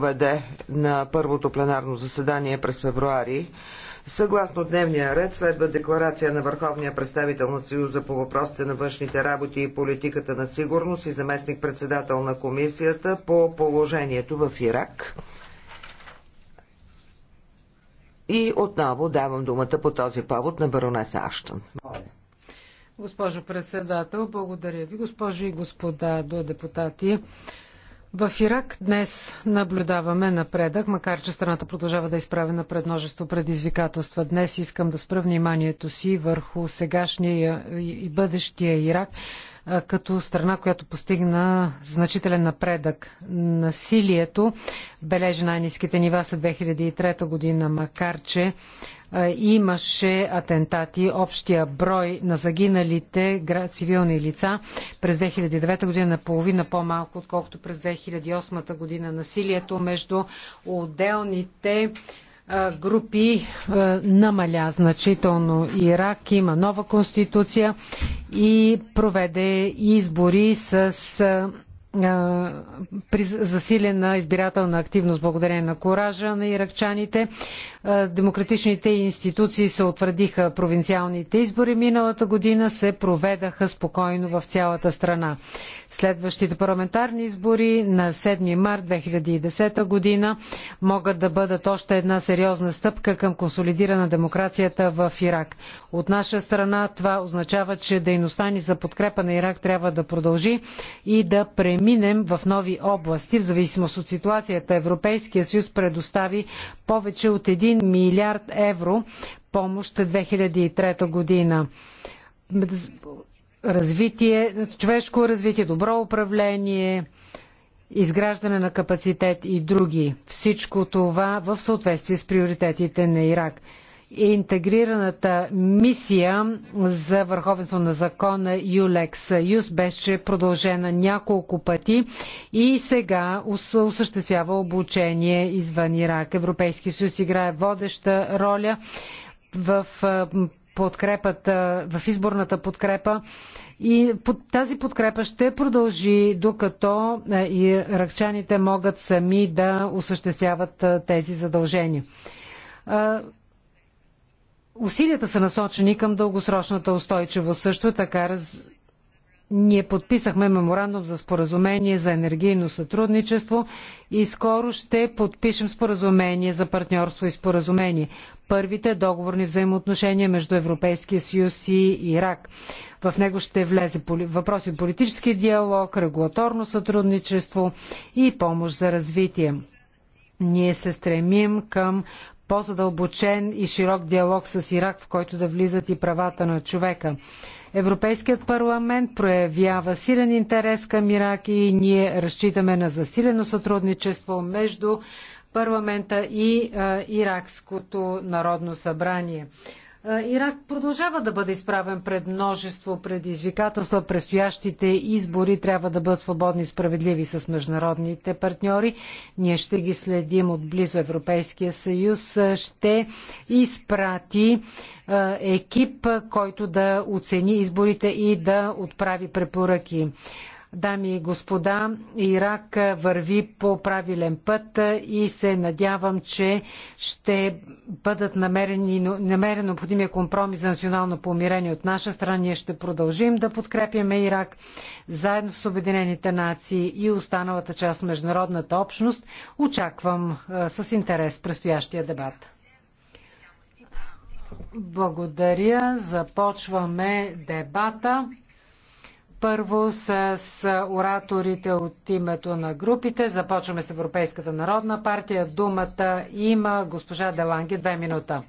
проведе на първото пленарно заседание през февруари. Съгласно дневния ред следва декларация на върховния представител на Съюза по въпросите на външните работи и политиката на сигурност и заместник-председател на комисията по положението в Ирак. И отново давам думата по този повод на баронеса Аштън. Госпожо председател, благодаря ви. Госпожи и господа до депутати, в Ирак днес наблюдаваме напредък, макар че страната продължава да е изправена пред множество предизвикателства. Днес искам да спра вниманието си върху сегашния и бъдещия Ирак като страна, която постигна значителен напредък. Насилието бележи най-низките нива след 2003 година, макар че имаше атентати. Общия брой на загиналите цивилни лица през 2009 година е на половина по-малко, отколкото през 2008 година. Насилието между отделните групи намаля значително Ирак, има нова конституция и проведе избори с при засилена избирателна активност благодарение на коража на иракчаните. Демократичните институции се утвърдиха провинциалните избори миналата година, се проведаха спокойно в цялата страна. Следващите парламентарни избори на 7 март 2010 година могат да бъдат още една сериозна стъпка към консолидирана демокрацията в Ирак. От наша страна това означава, че дейността ни за подкрепа на Ирак трябва да продължи и да премине минем в нови области, в зависимост от ситуацията. Европейския съюз предостави повече от 1 милиард евро помощ 2003 година. Развитие, човешко развитие, добро управление, изграждане на капацитет и други. Всичко това в съответствие с приоритетите на Ирак. Е интегрираната мисия за върховенство на закона ЮЛЕКС. ЮС беше продължена няколко пъти и сега осъществява обучение извън Ирак. Европейски съюз играе водеща роля в подкрепата, в изборната подкрепа. И тази подкрепа ще продължи, докато иракчаните могат сами да осъществяват тези задължения усилията са насочени към дългосрочната устойчивост. Също така раз... ние подписахме меморандум за споразумение за енергийно сътрудничество и скоро ще подпишем споразумение за партньорство и споразумение. Първите договорни взаимоотношения между Европейския съюз и Ирак. В него ще влезе въпроси от политически диалог, регулаторно сътрудничество и помощ за развитие. Ние се стремим към по-задълбочен и широк диалог с Ирак, в който да влизат и правата на човека. Европейският парламент проявява силен интерес към Ирак и ние разчитаме на засилено сътрудничество между парламента и а, Иракското народно събрание. Ирак продължава да бъде изправен пред множество предизвикателства. Предстоящите избори трябва да бъдат свободни и справедливи с международните партньори. Ние ще ги следим отблизо. Европейския съюз ще изпрати екип, който да оцени изборите и да отправи препоръки. Дами и господа, Ирак върви по правилен път и се надявам, че ще бъдат намерени, намерен необходимия компромис за национално помирение от наша страна. Ние ще продължим да подкрепяме Ирак заедно с Обединените нации и останалата част от международната общност. Очаквам с интерес предстоящия дебат. Благодаря. Започваме дебата. Първо с ораторите от името на групите. Започваме с Европейската народна партия. Думата има госпожа Деланге. Две минута.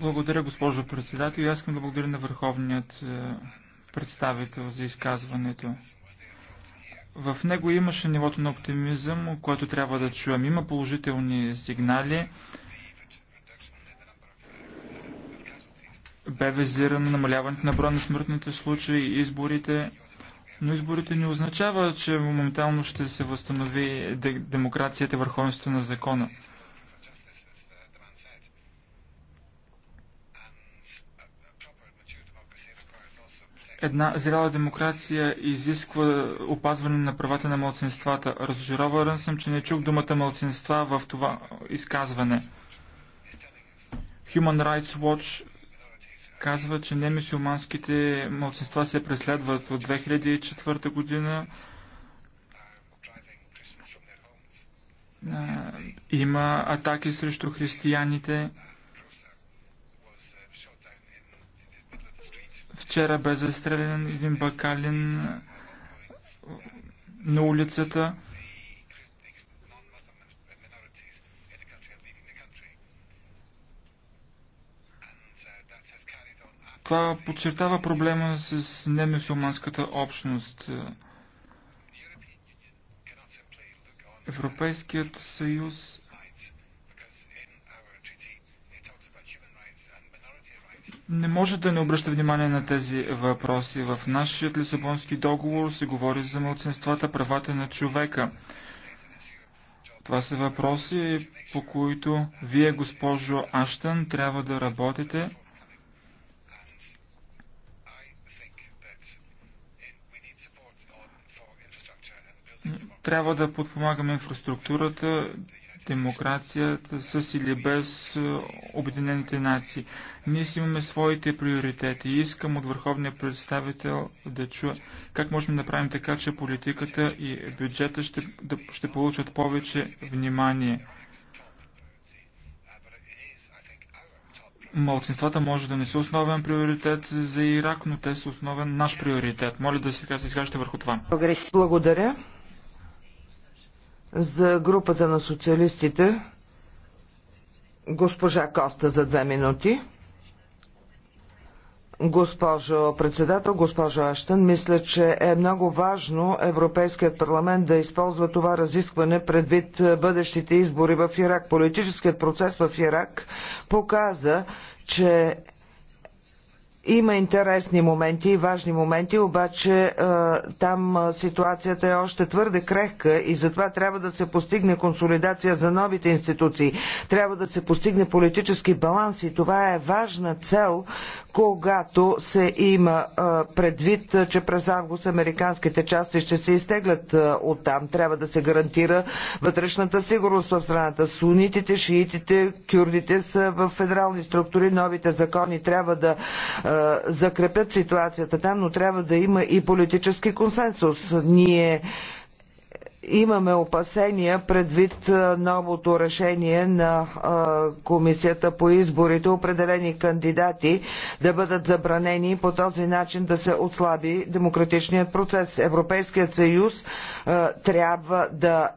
Благодаря, госпожо председател. И аз искам да благодаря на върховният е, представител за изказването. В него имаше нивото на оптимизъм, което трябва да чуем. Има положителни сигнали. бе визирано намаляването на броя на смъртните случаи и изборите. Но изборите не означава, че моментално ще се възстанови демокрацията и върховенството на закона. Една зряла демокрация изисква опазване на правата на младсинствата. Разочарован съм, че не чух думата младсинства в това изказване. Human Rights Watch казва, че немисиоманските младсинства се преследват от 2004 година. Има атаки срещу християните. Вчера бе застрелян един бакалин на улицата. Това подчертава проблема с немусулманската общност. Европейският съюз не може да не обръща внимание на тези въпроси. В нашият Лисабонски договор се говори за младсенствата, правата на човека. Това са въпроси, по които вие, госпожо Аштън, трябва да работите Трябва да подпомагаме инфраструктурата, демокрацията с или без е, Обединените нации. Ние си имаме своите приоритети и искам от върховния представител да чуя как можем да направим така, че политиката и бюджета ще, да, ще получат повече внимание. Малцинствата може да не са основен приоритет за Ирак, но те са основен наш приоритет. Моля да се изкажете върху това. Благодаря. За групата на социалистите госпожа Коста за две минути. Госпожо председател, госпожо Аштън, мисля, че е много важно Европейският парламент да използва това разискване предвид е, бъдещите избори в Ирак. Политическият процес в Ирак показа, че има интересни моменти и важни моменти, обаче е, там е, ситуацията е още твърде крехка и затова трябва да се постигне консолидация за новите институции. Трябва да се постигне политически баланс и това е важна цел, когато се има предвид, че през август американските части ще се изтеглят от там. Трябва да се гарантира вътрешната сигурност в страната. Сунитите, шиитите, кюрдите са в федерални структури. Новите закони трябва да закрепят ситуацията там, но трябва да има и политически консенсус. Ние имаме опасения предвид новото решение на Комисията по изборите, определени кандидати да бъдат забранени и по този начин да се отслаби демократичният процес. Европейският съюз трябва да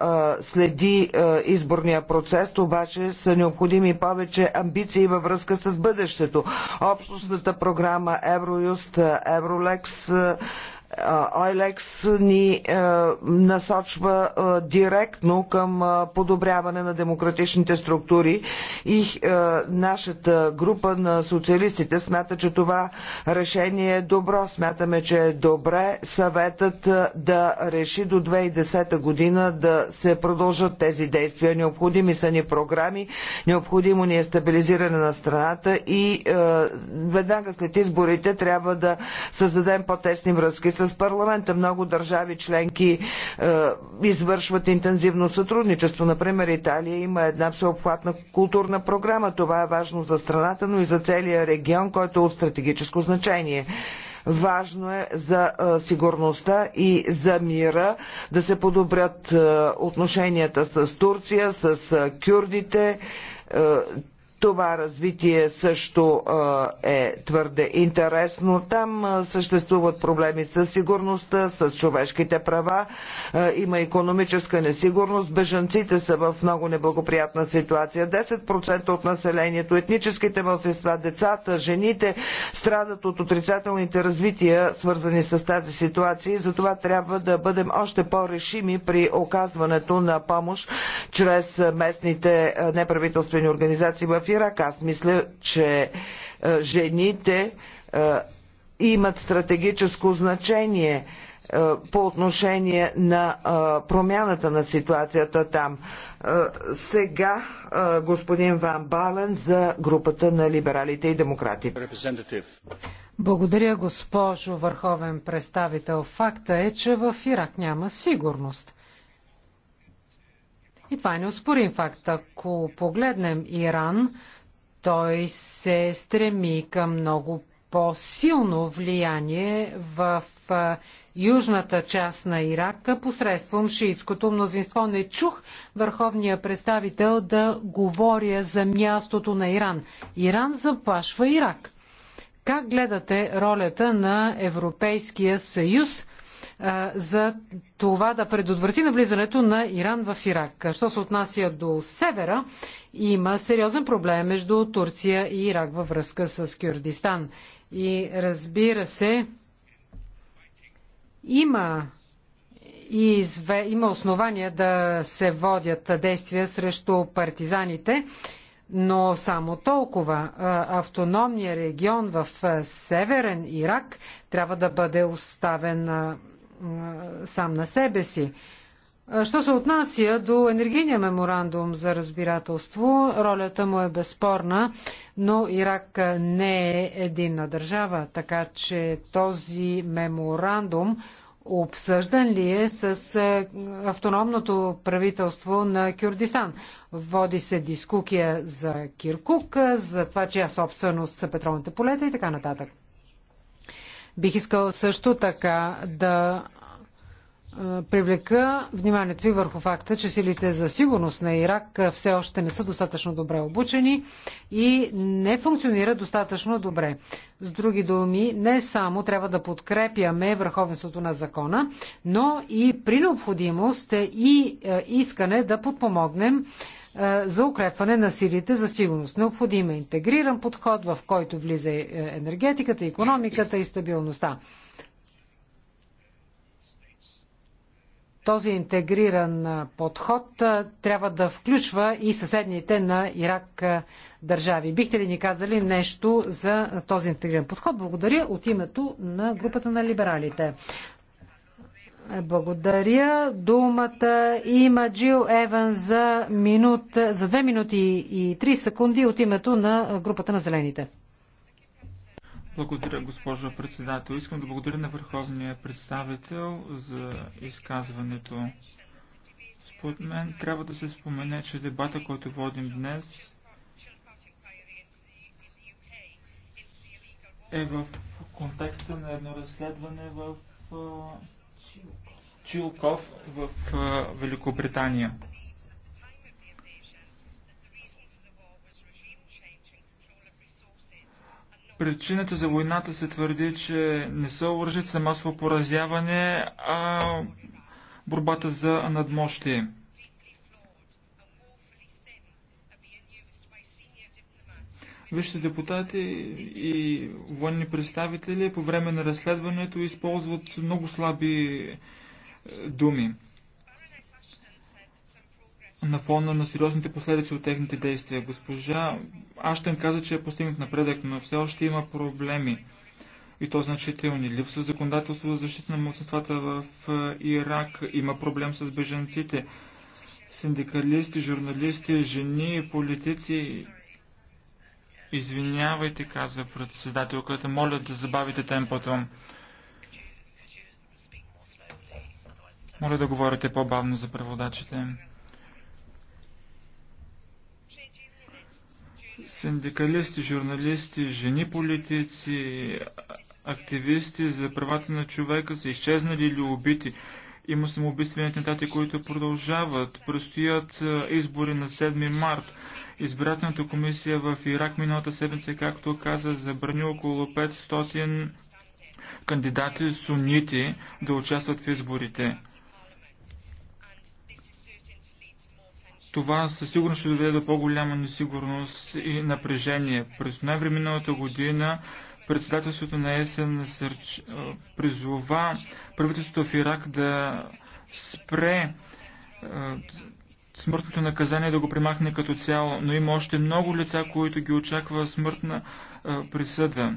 следи изборния процес, обаче са необходими повече амбиции във връзка с бъдещето. Общностната програма Евроюст, Евролекс Ойлекс ни е, насочва е, директно към е, подобряване на демократичните структури и нашата група на социалистите смята, че това решение е добро. Смятаме, че е добре съветът да реши до 2010 година да се продължат тези действия. Необходими са ни програми, необходимо ни е стабилизиране на страната и веднага след изборите трябва да създадем по-тесни връзки с парламента. Много държави членки е, извършват интензивно сътрудничество. Например, Италия има една всеобхватна културна програма. Това е важно за страната, но и за целия регион, който е от стратегическо значение. Важно е за е, сигурността и за мира да се подобрят е, отношенията с Турция, с кюрдите. Това развитие също е твърде интересно. Там съществуват проблеми с сигурността, с човешките права, има економическа несигурност, бежанците са в много неблагоприятна ситуация. 10% от населението, етническите мълцинства, децата, жените страдат от отрицателните развития, свързани с тази ситуация и затова трябва да бъдем още по-решими при оказването на помощ чрез местните неправителствени организации в в Ирак. Аз мисля, че е, жените е, имат стратегическо значение е, по отношение на промяната на ситуацията там. Сега господин Ван Бален за групата на либералите и демократите. Благодаря, госпожо Върховен представител. Факта е, че в Ирак няма сигурност. И това е неоспорим факт. Ако погледнем Иран, той се стреми към много по-силно влияние в южната част на Ирак посредством шиитското мнозинство. Не чух върховния представител да говоря за мястото на Иран. Иран заплашва Ирак. Как гледате ролята на Европейския съюз за това да предотврати навлизането на Иран в Ирак. Що се отнася до севера, има сериозен проблем между Турция и Ирак във връзка с Кюрдистан. И разбира се, има и изве... има основания да се водят действия срещу партизаните, но само толкова. Автономният регион в Северен Ирак трябва да бъде оставен сам на себе си. Що се отнася до енергийния меморандум за разбирателство, ролята му е безспорна, но Ирак не е единна държава, така че този меморандум обсъждан ли е с автономното правителство на Кюрдисан? Води се дискукия за Киркук, за това, чия собственост са петролните полета и така нататък. Бих искал също така да привлека вниманието ви върху факта, че силите за сигурност на Ирак все още не са достатъчно добре обучени и не функционират достатъчно добре. С други думи, не само трябва да подкрепяме върховенството на закона, но и при необходимост и искане да подпомогнем е, за укрепване на силите за сигурност. Необходим е интегриран подход, в който влиза е, енергетиката, економиката и стабилността. Този интегриран е, подход трябва да включва и съседните на Ирак държави. Бихте ли ни казали нещо за този интегриран подход? Благодаря от името на групата на либералите. Благодаря. Думата има Джил Еван за, минут, за 2 минути и 3 секунди от името на групата на зелените. Благодаря, госпожо председател. Искам да благодаря на върховния представител за изказването. Според мен трябва да се спомене, че дебата, който водим днес, е в контекста на едно разследване в Чилков в Великобритания. Причината за войната се твърди, че не са оръжията за масово поразяване, а борбата за надмощие. вижте депутати и военни представители по време на разследването използват много слаби е, думи на фона на сериозните последици от техните действия. Госпожа Аштен каза, че е постигнат напредък, но все още има проблеми и то значителни. Липсва законодателство за защита на младсинствата в е, Ирак, има проблем с беженците, синдикалисти, журналисти, жени, политици Извинявайте, казва председателката, моля да забавите темпото. Моля да говорите по-бавно за преводачите. Синдикалисти, журналисти, жени политици, активисти за правата на човека са изчезнали или убити. Има самоубийствени атентати, които продължават. Предстоят избори на 7 март. Избирателната комисия в Ирак миналата седмица, както каза, забрани около 500 кандидати сунити да участват в изборите. Това със сигурност ще доведе до по-голяма несигурност и напрежение. През ноември миналата година председателството на ЕСН сърч... призова правителството в Ирак да спре смъртното наказание да го примахне като цяло, но има още много лица, които ги очаква смъртна а, присъда.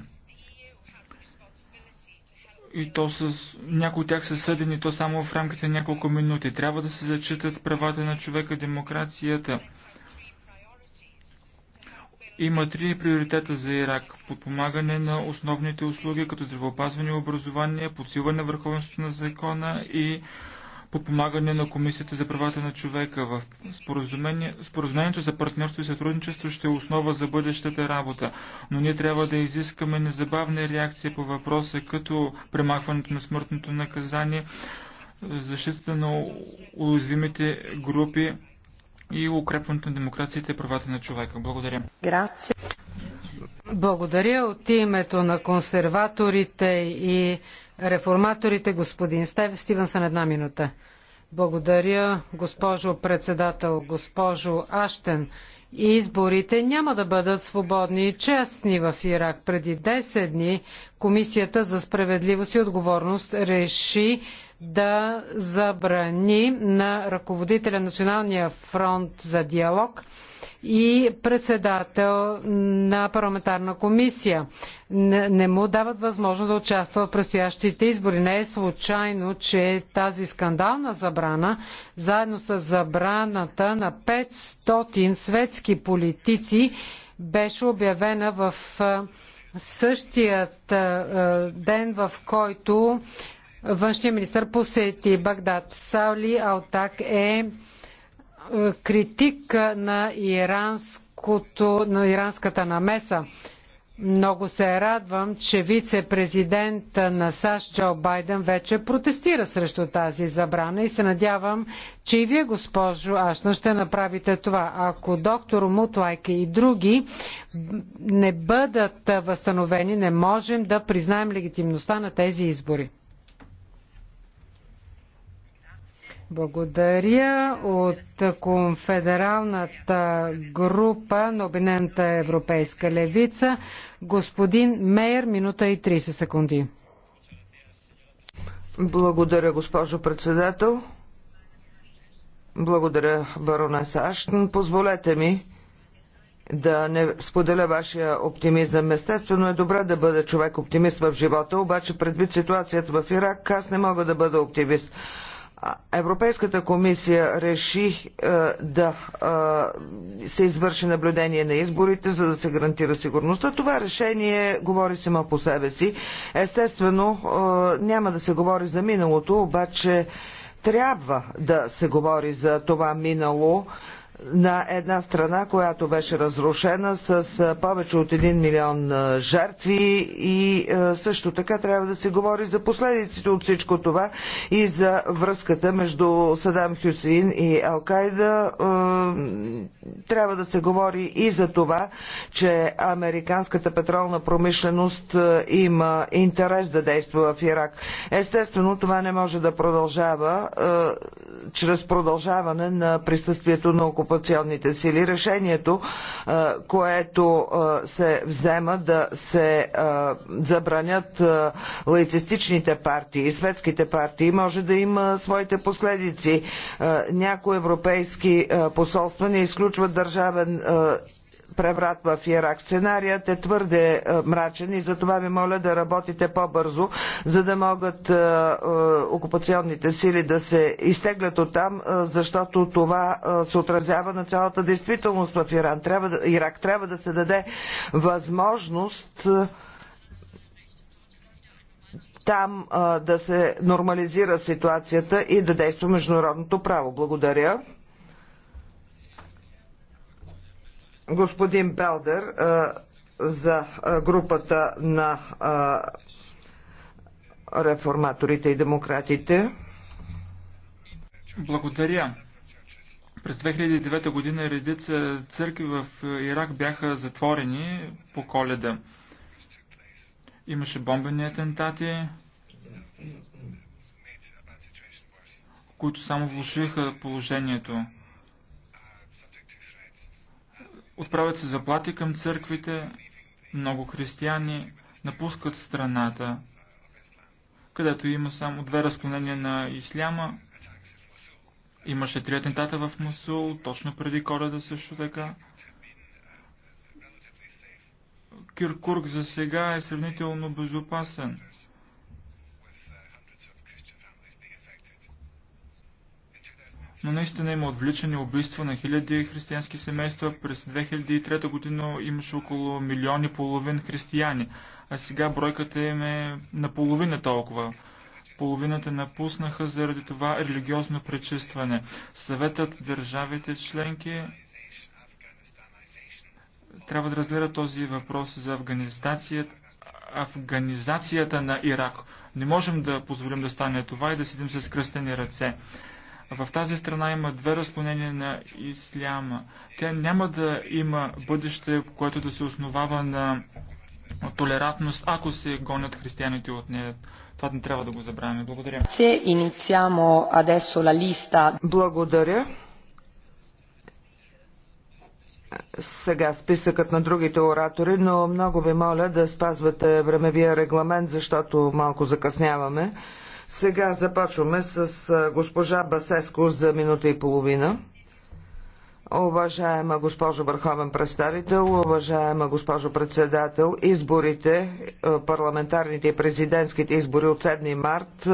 И то с... някои от тях са съдени то само в рамките на няколко минути. Трябва да се зачитат правата на човека, демокрацията. Има три приоритета за Ирак. Подпомагане на основните услуги, като здравеопазване и образование, подсилване на върховенството на закона и подпомагане на Комисията за правата на човека. В споразумение, споразумението за партньорство и сътрудничество ще е основа за бъдещата работа, но ние трябва да изискаме незабавна реакция по въпроса, като премахването на смъртното наказание, защитата на уязвимите групи и укрепването на демокрацията и правата на човека. Благодаря. Грация. Благодаря от името на консерваторите и реформаторите, господин Стев Стивенсън, една минута. Благодаря, госпожо председател, госпожо Аштен. Изборите няма да бъдат свободни и честни в Ирак. Преди 10 дни Комисията за справедливост и отговорност реши да забрани на ръководителя на Националния фронт за диалог и председател на парламентарна комисия. Не, не му дават възможност да участва в предстоящите избори. Не е случайно, че тази скандална забрана, заедно с забраната на 500 светски политици, беше обявена в същият ден, в който Външният министр посети Багдад. Саули Алтак е, е критик на, на иранската намеса. Много се радвам, че вице-президент на САЩ Джо Байден вече протестира срещу тази забрана и се надявам, че и вие, госпожо Ашна, ще направите това. Ако доктор Мутлайка и други не бъдат възстановени, не можем да признаем легитимността на тези избори. Благодаря от конфедералната група на Обединената европейска левица. Господин Мейер, минута и 30 секунди. Благодаря, госпожо председател. Благодаря, баронеса Аштън. Позволете ми да не споделя вашия оптимизъм. Естествено е добре да бъде човек оптимист в живота, обаче предвид ситуацията в Ирак, аз не мога да бъда оптимист. Европейската комисия реши е, да е, се извърши наблюдение на изборите, за да се гарантира сигурността. Това решение говори само по себе си. Естествено, е, няма да се говори за миналото, обаче трябва да се говори за това минало, на една страна, която беше разрушена с повече от 1 милион жертви и също така трябва да се говори за последиците от всичко това и за връзката между Садам Хюсейн и Алкайда. Трябва да се говори и за това, че американската петролна промишленост има интерес да действа в Ирак. Естествено, това не може да продължава чрез продължаване на присъствието на окупационната окупационните сили. Решението, което се взема да се забранят лаицистичните партии, светските партии, може да има своите последици. Някои европейски посолства не изключват държавен преврат в Ирак. Сценарият е твърде е, мрачен и затова ви моля да работите по-бързо, за да могат е, е, окупационните сили да се изтеглят от там, защото това се отразява на цялата действителност в Иран. Трябва да, Ирак трябва да се даде възможност там а, да се нормализира ситуацията и да действа международното право. Благодаря. господин Белдер за групата на реформаторите и демократите. Благодаря. През 2009 година редица църкви в Ирак бяха затворени по коледа. Имаше бомбени атентати, които само влушиха положението. Отправят се заплати към църквите, много християни напускат страната, където има само две разклонения на исляма. Имаше три атентата в Мусул, точно преди коледа също така. Киркург за сега е сравнително безопасен. но наистина има отвличани убийства на хиляди християнски семейства. През 2003 година имаше около милиони половин християни, а сега бройката им е наполовина толкова. Половината напуснаха заради това религиозно пречистване. Съветът държавите членки трябва да разгледа този въпрос за афганизацията, афганизацията на Ирак. Не можем да позволим да стане това и да седим с кръстени ръце. В тази страна има две разклонения на исляма. Тя няма да има бъдеще, което да се основава на толерантност, ако се гонят християните от нея. Това не трябва да го забравяме. Благодаря. Се инициамо адесо ла листа. Благодаря. Сега списъкът на другите оратори, но много ви моля да спазвате времевия регламент, защото малко закъсняваме. Сега започваме с госпожа Басеско за минута и половина. Уважаема госпожо Върховен представител, уважаема госпожо председател, изборите, парламентарните и президентските избори от 7 март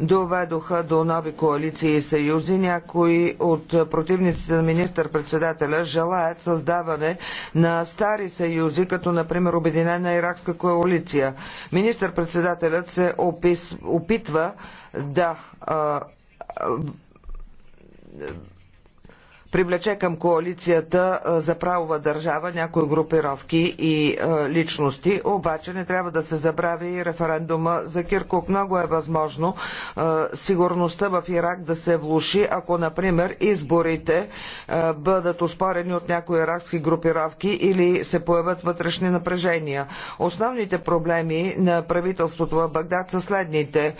доведоха до нови коалиции и съюзи. Някои от противниците на министър-председателя желаят създаване на стари съюзи, като например Обединена иракска коалиция. Министър-председателят се опис, опитва да а, а, привлече към коалицията за правова държава някои групировки и личности, обаче не трябва да се забрави и референдума за Киркук. Много е възможно сигурността в Ирак да се влуши, ако, например, изборите бъдат успорени от някои иракски групировки или се появят вътрешни напрежения. Основните проблеми на правителството в Багдад са следните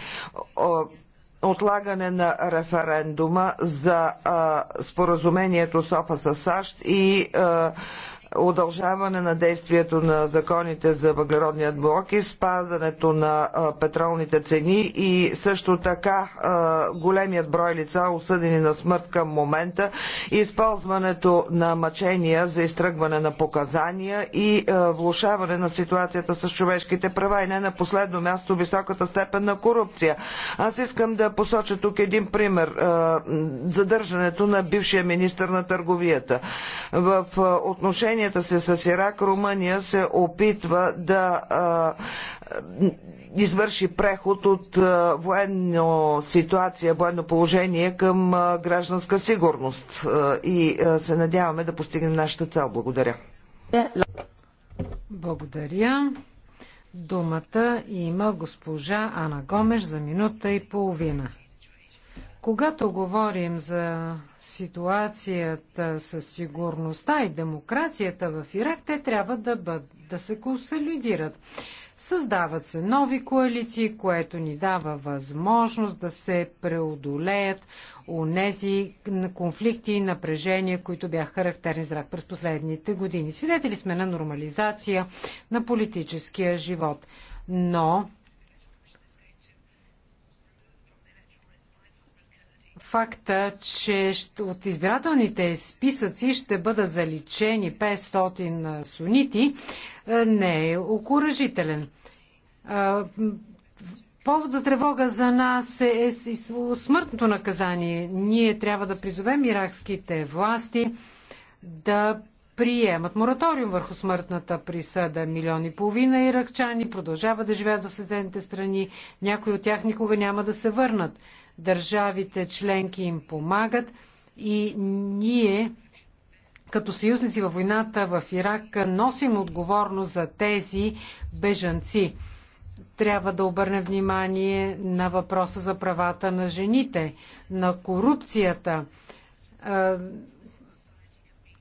отлагане на референдума за а, споразумението СОФА с САЩ и а, удължаване на действието на законите за въглеродният блок и спадането на петролните цени и също така големият брой лица, осъдени на смърт към момента, използването на мъчения за изтръгване на показания и влушаване на ситуацията с човешките права и не на последно място високата степен на корупция. Аз искам да посоча тук един пример. Задържането на бившия министр на търговията. В отношение отношенията се с Ирак, Румъния се опитва да извърши преход от военна военно ситуация, военно положение към гражданска сигурност. и се надяваме да постигнем нашата цел. Благодаря. Благодаря. Думата има госпожа Ана Гомеш за минута и половина. Когато говорим за ситуацията със сигурността и демокрацията в Ирак, те трябва да, бъд, да се консолидират. Създават се нови коалиции, което ни дава възможност да се преодолеят онези конфликти и напрежения, които бяха характерни за рак през последните години. Свидетели сме на нормализация на политическия живот. Но факта, че от избирателните списъци ще бъдат заличени 500 сунити, не е окоръжителен. Повод за тревога за нас е, е смъртното наказание. Ние трябва да призовем иракските власти да приемат мораториум върху смъртната присъда. Милиони и половина иракчани продължават да живеят в съседните страни. Някои от тях никога няма да се върнат държавите членки им помагат и ние като съюзници във войната в Ирак носим отговорност за тези бежанци. Трябва да обърнем внимание на въпроса за правата на жените, на корупцията.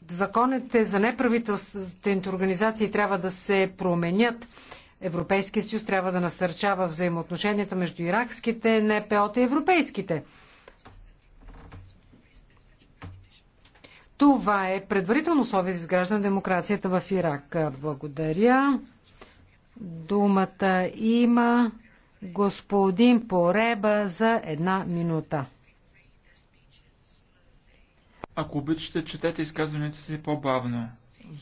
Законите за неправителствените организации трябва да се променят Европейския съюз трябва да насърчава взаимоотношенията между иракските нпо и европейските. Това е предварително условие за изграждане на демокрацията в Ирак. Благодаря. Думата има господин Пореба за една минута. Ако обичате, четете изказването си по-бавно,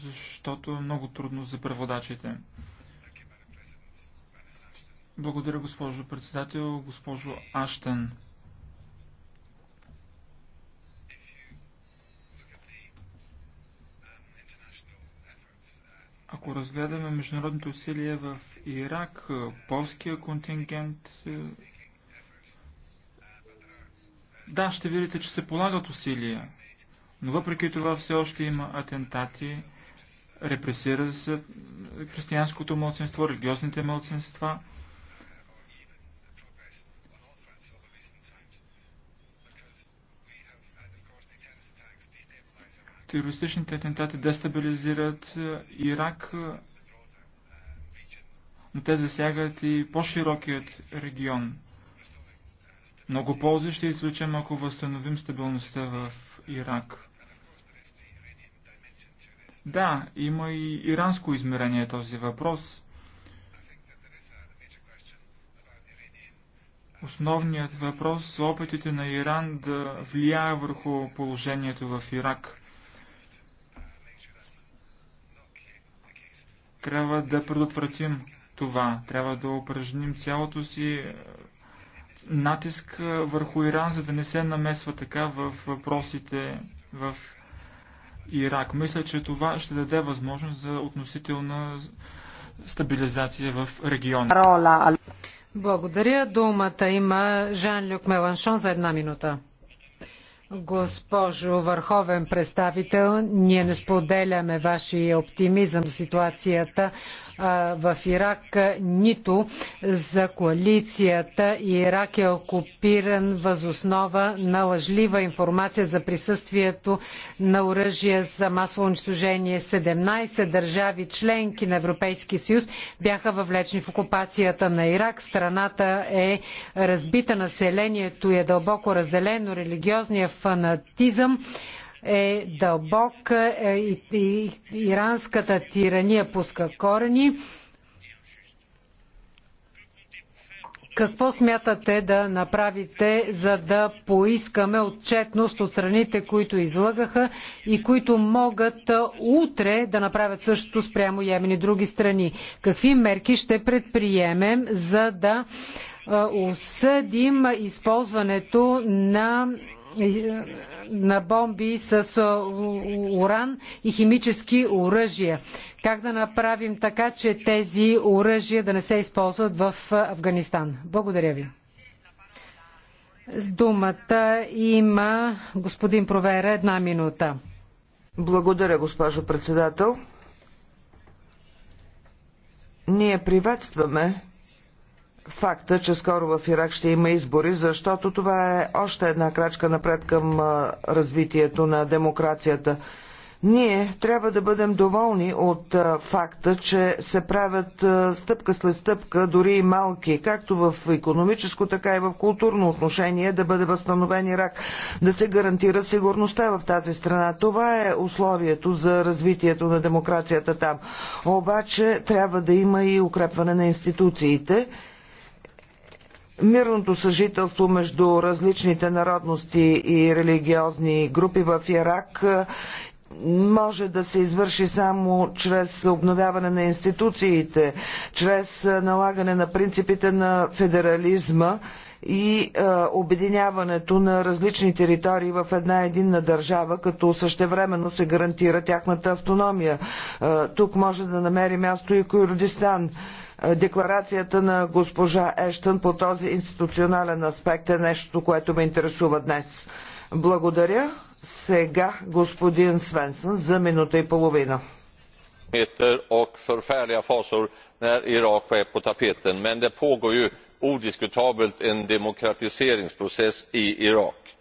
защото е много трудно за преводачите. Благодаря, госпожо председател, госпожо Аштън. Ако разгледаме международните усилия в Ирак, полския контингент, да, ще видите, че се полагат усилия, но въпреки това все още има атентати, репресира се християнското мълцинство, религиозните мълцинства. Терористичните атентати дестабилизират е, Ирак, е, но те засягат и по-широкият регион. Много ползи ще извлечем, ако възстановим стабилността в Ирак. Да, има и иранско измерение този въпрос. Основният въпрос са опитите на Иран да влияе върху положението в Ирак. Трябва да предотвратим това. Трябва да упражним цялото си е, натиск е, върху Иран, за да не се намесва така в въпросите в Ирак. Мисля, че това ще даде възможност за относителна стабилизация в региона. Благодаря. Думата има Жан-Люк Меланшон за една минута. Госпожо върховен представител, ние не споделяме вашия оптимизъм за ситуацията в Ирак, нито за коалицията. Ирак е окупиран възоснова на лъжлива информация за присъствието на оръжие за масово унищожение. 17 държави членки на Европейския съюз бяха въвлечени в окупацията на Ирак. Страната е разбита, населението е дълбоко разделено, религиозният фанатизъм е дълбок. Е, и, иранската тирания пуска корени. Какво смятате да направите, за да поискаме отчетност от страните, които излагаха и които могат е, утре да направят същото спрямо Йемен и други страни? Какви мерки ще предприемем, за да е, осъдим използването на на бомби с уран и химически оръжия. Как да направим така, че тези оръжия да не се използват в Афганистан? Благодаря ви. Думата има господин Провера една минута. Благодаря, госпожо председател. Ние приветстваме факта, че скоро в Ирак ще има избори, защото това е още една крачка напред към развитието на демокрацията. Ние трябва да бъдем доволни от факта, че се правят стъпка след стъпка, дори и малки, както в економическо, така и в културно отношение, да бъде възстановен Ирак, да се гарантира сигурността в тази страна. Това е условието за развитието на демокрацията там. Обаче трябва да има и укрепване на институциите мирното съжителство между различните народности и религиозни групи в Ирак може да се извърши само чрез обновяване на институциите, чрез налагане на принципите на федерализма и е, обединяването на различни територии в една единна държава, като същевременно се гарантира тяхната автономия. Е, тук може да намери място и Курдистан. Декларацията на госпожа Ештън по този институционален аспект е нещо, което ме интересува днес. Благодаря. Сега господин Свенсън за минута и половина. och förfärliga fasor när Irak är på tapeten. Men det pågår ju odiskutabelt en demokratiseringsprocess i Irak.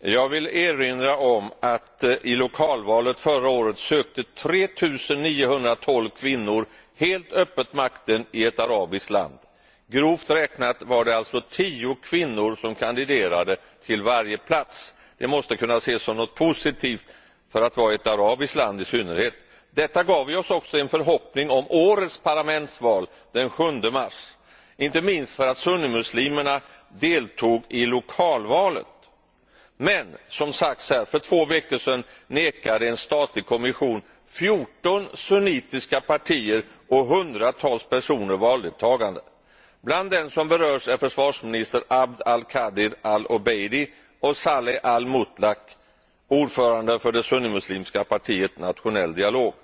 Jag vill erinra om att i lokalvalet förra året sökte 3 912 kvinnor helt öppet makten i ett arabiskt land. grovt räknat var det alltså tio kvinnor som kandiderade till varje plats. Det måste kunna ses som något positivt för att vara ett arabiskt land i synnerhet. detta gav oss också en förhoppning om årets parlamentsval den 7 mars inte minst för att sunnimuslimerna deltog i lokalvalet. men som sagts här för två veckor sedan nekade en statlig kommission fjorton sunnitiska partier och hundratals personer valdeltagande. bland dem som berörs är försvarsminister abd al qadir al obeidi och saleh al Mutlak, ordförande för det sunnimuslimska partiet nationell dialog.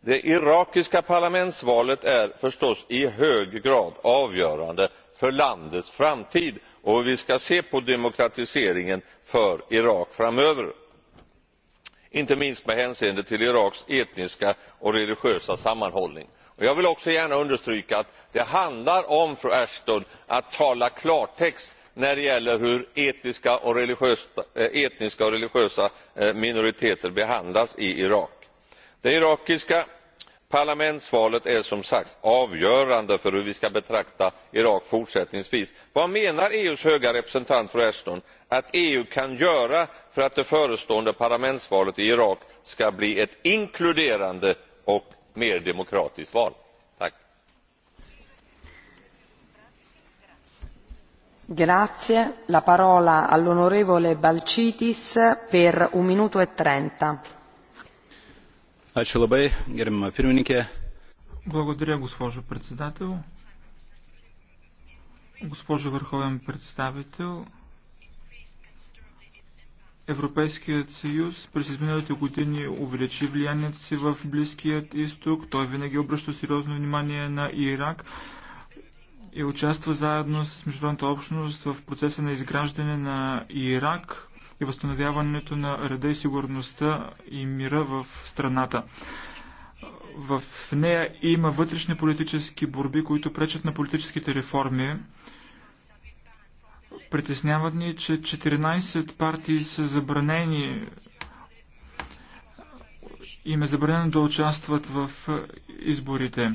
det irakiska parlamentsvalet är förstås i hög grad avgörande för landets framtid och hur vi ska se på demokratiseringen för irak framöver inte minst med hänseende till iraks etniska och religiösa sammanhållning jag vill också gärna understryka att det handlar om Ashton, att tala klartext när det gäller hur etniska och religiösa minoriteter behandlas i irak. det irakiska parlamentsvalet är som sagt avgörande för hur vi skall betrakta irak fortsättningsvis. vad menar eus höga representant fru ashton att eu kan göra för att det förestående parlamentsvalet i irak skall bli ett inkluderande och mer demokratiskt val. E Благодаря, госпожо председател. Госпожо върховен представител, Европейският съюз през изминалите години увеличи влиянието си в Близкият изток. Той винаги обръща сериозно внимание на Ирак и участва заедно с международната общност в процеса на изграждане на Ирак и възстановяването на реда и сигурността и мира в страната. В нея има вътрешни политически борби, които пречат на политическите реформи Притесняват ни, че 14 партии са забранени. Им е забранено да участват в изборите.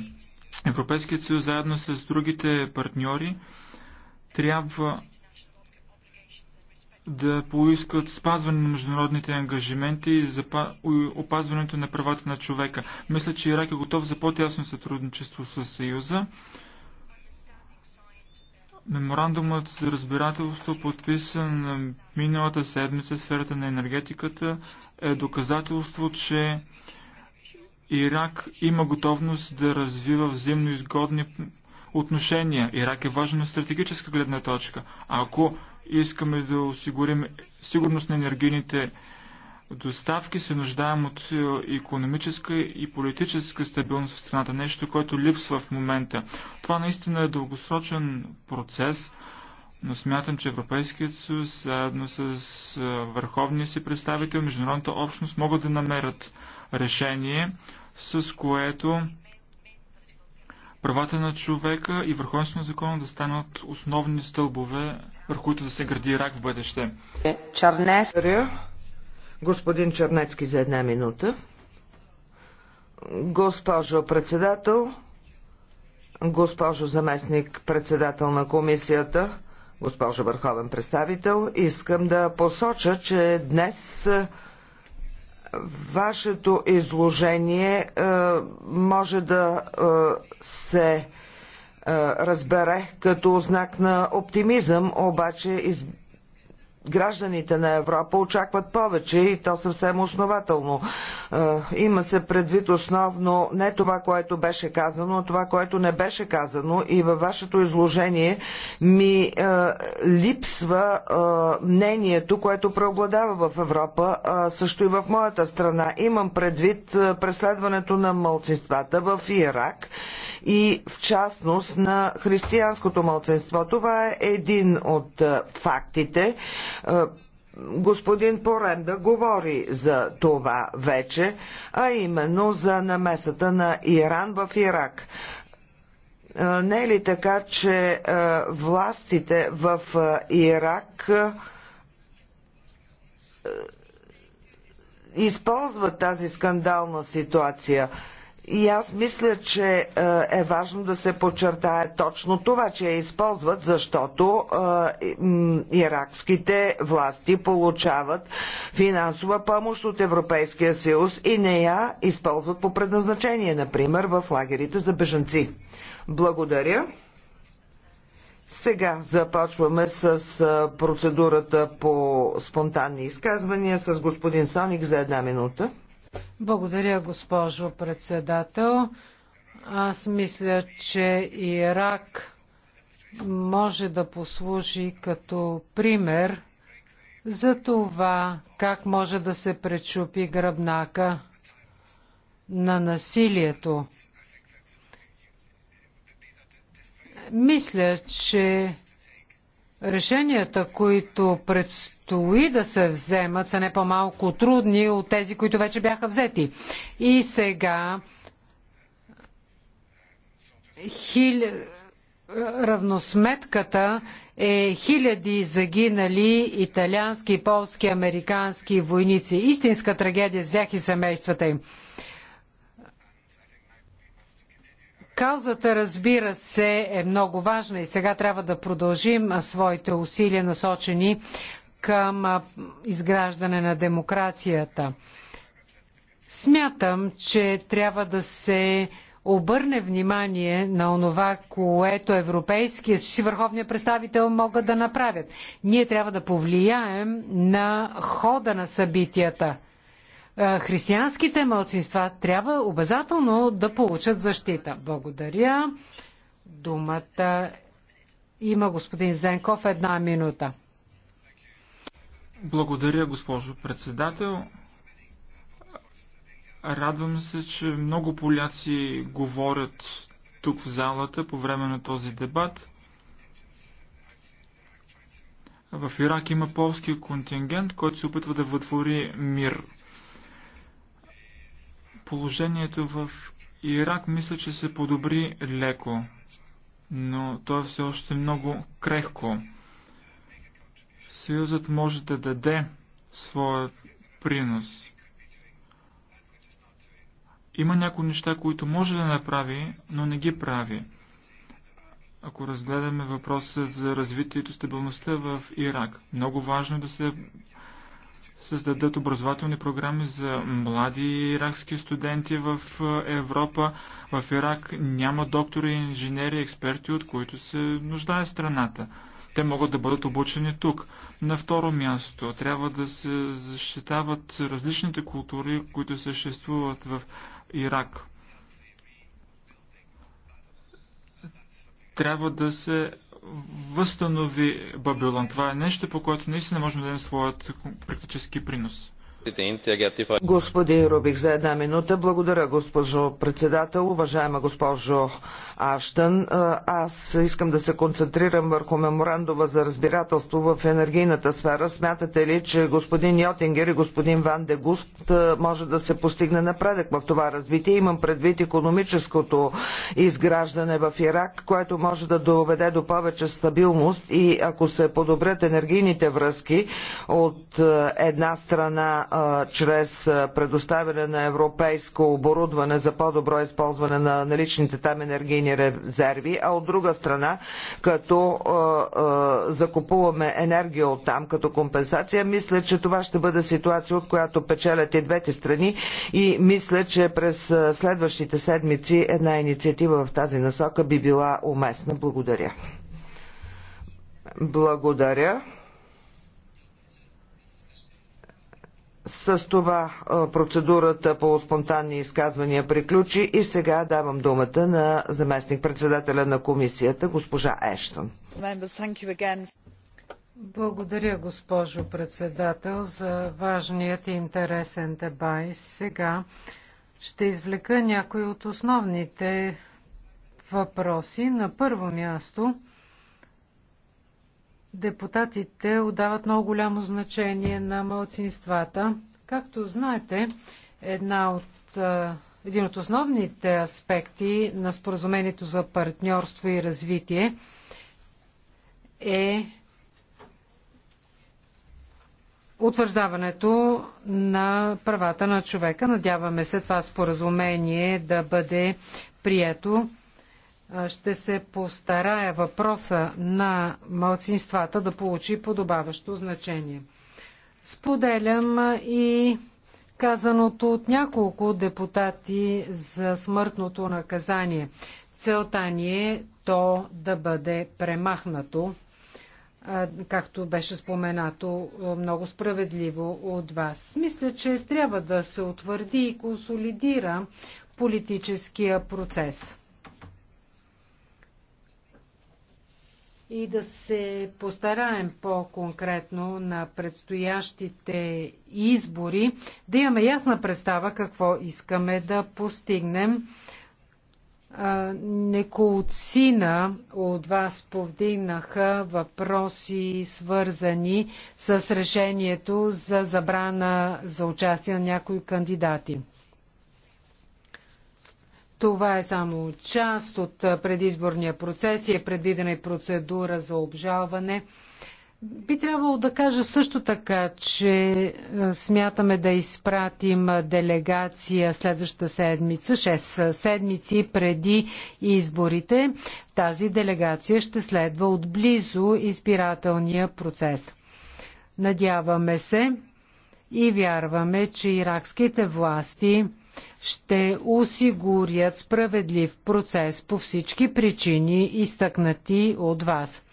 Европейският съюз заедно с другите партньори трябва да поискат спазване на международните ангажименти и опазването на правата на човека. Мисля, че Ирак е готов за по-тясно сътрудничество с Съюза. Меморандумът за разбирателство, подписан миналата седмица в сферата на енергетиката, е доказателство, че Ирак има готовност да развива взаимно изгодни отношения. Ирак е важен от стратегическа гледна точка. Ако искаме да осигурим сигурност на енергийните доставки се нуждаем от економическа и политическа стабилност в страната, нещо, което липсва в момента. Това наистина е дългосрочен процес, но смятам, че Европейският съюз, заедно с е, върховния си представител, международната общност могат да намерят решение, с което правата на човека и върховенството на закона да станат основни стълбове, върху които да се гради рак в бъдеще. Чарнес. Господин Чернецки за една минута. Госпожо председател, госпожо заместник председател на комисията, госпожо върховен представител, искам да посоча, че днес е, вашето изложение е, може да е, се разбере като знак на оптимизъм, обаче из гражданите на Европа очакват повече и то съвсем основателно. Е, има се предвид основно не това, което беше казано, а това, което не беше казано и във вашето изложение ми е, липсва е, мнението, което преобладава в Европа, също и в моята страна. Имам предвид преследването на мълцинствата в Ирак и в частност на християнското мълценство. Това е един от е, фактите. Е, господин да говори за това вече, а именно за намесата на Иран в Ирак. Е, не е ли така, че властите в Ирак използват тази скандална ситуация? И аз мисля, че е, е важно да се подчертае точно това, че я използват, защото е, иракските власти получават финансова помощ от Европейския съюз и не я използват по предназначение, например в лагерите за бежанци. Благодаря. Сега започваме с е, процедурата по спонтанни изказвания с господин Соник за една минута. Благодаря, госпожо председател. Аз мисля, че Ирак може да послужи като пример за това как може да се пречупи гръбнака на насилието. Мисля, че Решенията, които предстои да се вземат, са не по-малко трудни от тези, които вече бяха взети. И сега хил... равносметката е хиляди загинали италиански, полски, американски войници. Истинска трагедия взех и семействата им. Каузата, разбира се, е много важна и сега трябва да продължим своите усилия насочени към изграждане на демокрацията. Смятам, че трябва да се обърне внимание на онова, което Европейския си върховния представител могат да направят. Ние трябва да повлияем на хода на събитията – е, християнските мълцинства трябва обязателно да получат защита. Благодаря. Думата има господин Зенков една минута. Благодаря, госпожо председател. Радвам се, че много поляци говорят тук в залата по време на този дебат. В Ирак има полски контингент, който се опитва да вътвори мир Положението в Ирак мисля, че се подобри леко, но то е все още много крехко. Съюзът може да даде своя принос. Има някои неща, които може да направи, но не ги прави. Ако разгледаме въпроса за развитието, стабилността в Ирак, много важно е да се създадат образователни програми за млади иракски студенти в е, Европа. В Ирак няма доктори, инженери, експерти, от които се нуждае страната. Те могат да бъдат обучени тук. На второ място трябва да се защитават различните култури, които съществуват в Ирак. Трябва да се възстанови Бабилон. Това е нещо, по което наистина можем да дадем своят практически принос. Господин Рубих, за една минута. Благодаря, госпожо председател. Уважаема госпожо Аштън, аз искам да се концентрирам върху меморандума за разбирателство в енергийната сфера. Смятате ли, че господин Йотингер и господин Ван Дегуст може да се постигне напредък в това развитие? Имам предвид економическото изграждане в Ирак, което може да доведе до повече стабилност и ако се подобрят енергийните връзки от една страна чрез предоставяне на европейско оборудване за по-добро използване на наличните там енергийни резерви, а от друга страна, като закупуваме енергия от там като компенсация, мисля, че това ще бъде ситуация, от която печелят и двете страни и мисля, че през следващите седмици една инициатива в тази насока би била уместна. Благодаря. Благодаря. С това процедурата по спонтанни изказвания приключи и сега давам думата на заместник-председателя на комисията, госпожа Ештон. Благодаря, госпожо председател, за важният и интересен дебай. Сега ще извлека някои от основните въпроси. На първо място депутатите отдават много голямо значение на малцинствата. Както знаете, една от, един от основните аспекти на споразумението за партньорство и развитие е утвърждаването на правата на човека. Надяваме се това споразумение да бъде прието ще се постарая въпроса на малцинствата да получи подобаващо значение. Споделям и казаното от няколко депутати за смъртното наказание. Целта ни е то да бъде премахнато, както беше споменато много справедливо от вас. Мисля, че трябва да се утвърди и консолидира политическия процес. и да се постараем по-конкретно на предстоящите избори, да имаме ясна представа какво искаме да постигнем. Неколцина от вас повдигнаха въпроси, свързани с решението за забрана за участие на някои кандидати. Това е само част от предизборния процес и е предвидена и процедура за обжалване. Би трябвало да кажа също така, че смятаме да изпратим делегация следващата седмица, 6 седмици преди изборите. Тази делегация ще следва отблизо избирателния процес. Надяваме се и вярваме, че иракските власти ще осигурят справедлив процес по всички причини, изтъкнати от вас.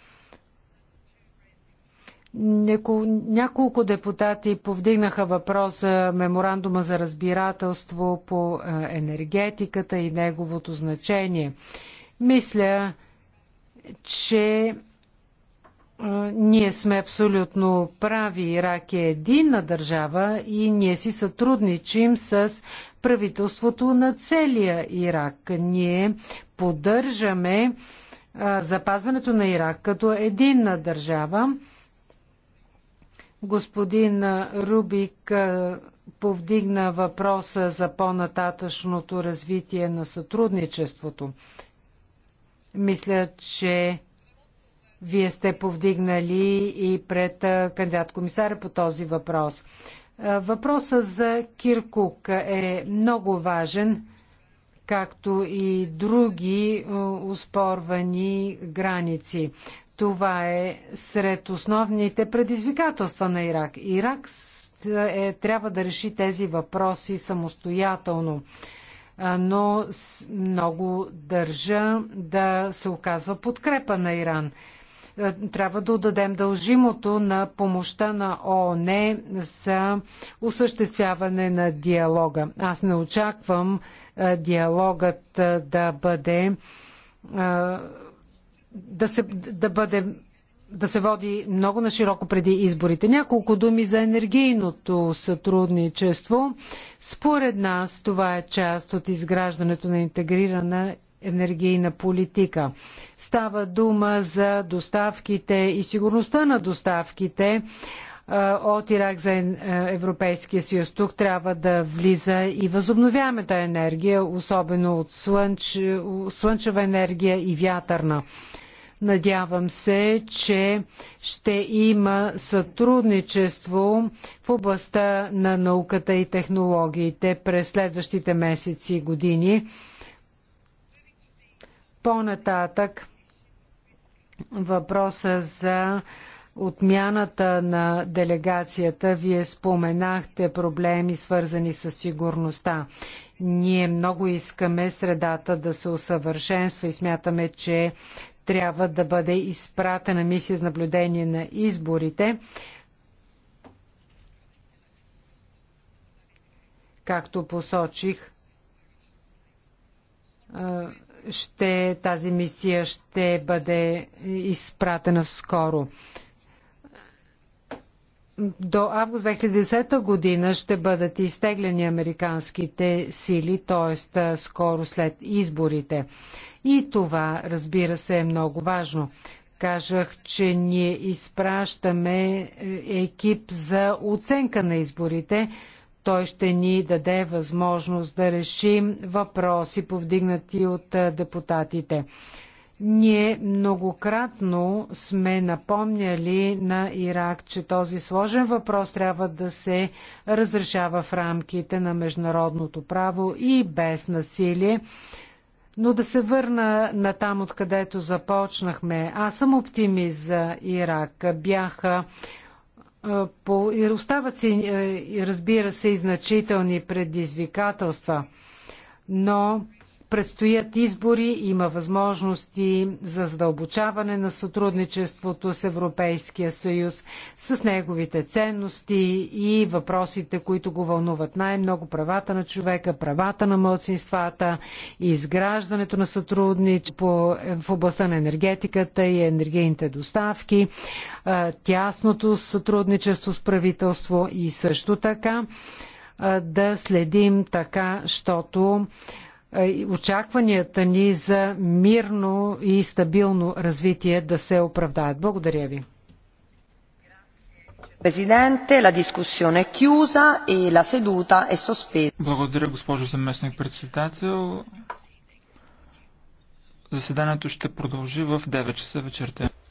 Няколко депутати повдигнаха въпрос за меморандума за разбирателство по е, енергетиката и неговото значение. Мисля, че е, ние сме абсолютно прави. Ирак е единна държава и ние си сътрудничим с правителството на целия Ирак. Ние поддържаме запазването на Ирак като единна държава. Господин Рубик повдигна въпроса за по-нататъчното развитие на сътрудничеството. Мисля, че вие сте повдигнали и пред кандидат комисаря по този въпрос. Е, Въпросът за Киркук е много важен, както и други е, успорвани граници. Това е сред основните предизвикателства на Ирак. Ирак е, трябва да реши тези въпроси самостоятелно, е, но много държа да се оказва подкрепа на Иран. Е, трябва да отдадем дължимото на помощта на ООН за осъществяване на диалога. Аз не очаквам е, диалогът е, да бъде да се, да бъде да се води много на широко преди изборите. Няколко думи за енергийното сътрудничество. Според нас това е част от изграждането на интегрирана енергийна политика. Става дума за доставките и сигурността на доставките от Ирак за е, Европейския съюз. Тук трябва да влиза и възобновяемата енергия, особено от слънч, слънчева енергия и вятърна. Надявам се, че ще има сътрудничество в областта на науката и технологиите през следващите месеци и години. По-нататък въпроса за отмяната на делегацията. Вие споменахте проблеми, свързани с сигурността. Ние много искаме средата да се усъвършенства и смятаме, че трябва да бъде изпратена мисия за наблюдение на изборите. Както посочих, ще, тази мисия ще бъде изпратена скоро. До август 2010 година ще бъдат изтеглени американските сили, т.е. скоро след изборите. И това, разбира се, е много важно. Кажах, че ние изпращаме е, екип за оценка на изборите, той ще ни даде възможност да решим въпроси, повдигнати от депутатите. Ние многократно сме напомняли на Ирак, че този сложен въпрос трябва да се разрешава в рамките на международното право и без насилие. Но да се върна на там, откъдето започнахме. Аз съм оптимист за Ирак. Бяха по, остават си, разбира се, и значителни предизвикателства, но Предстоят избори, има възможности за задълбочаване на сътрудничеството с Европейския съюз, с неговите ценности и въпросите, които го вълнуват най-много правата на човека, правата на младсинствата, изграждането на сътрудничество в областта на енергетиката и енергийните доставки, тясното сътрудничество с правителство и също така да следим така, щото очакванията ни за мирно и стабилно развитие да се оправдаят. Благодаря ви. Президенте, la discussione è chiusa e la seduta è sospesa. Благодаря, госпожо заместник председател. Заседанието ще продължи в 9 часа вечерта.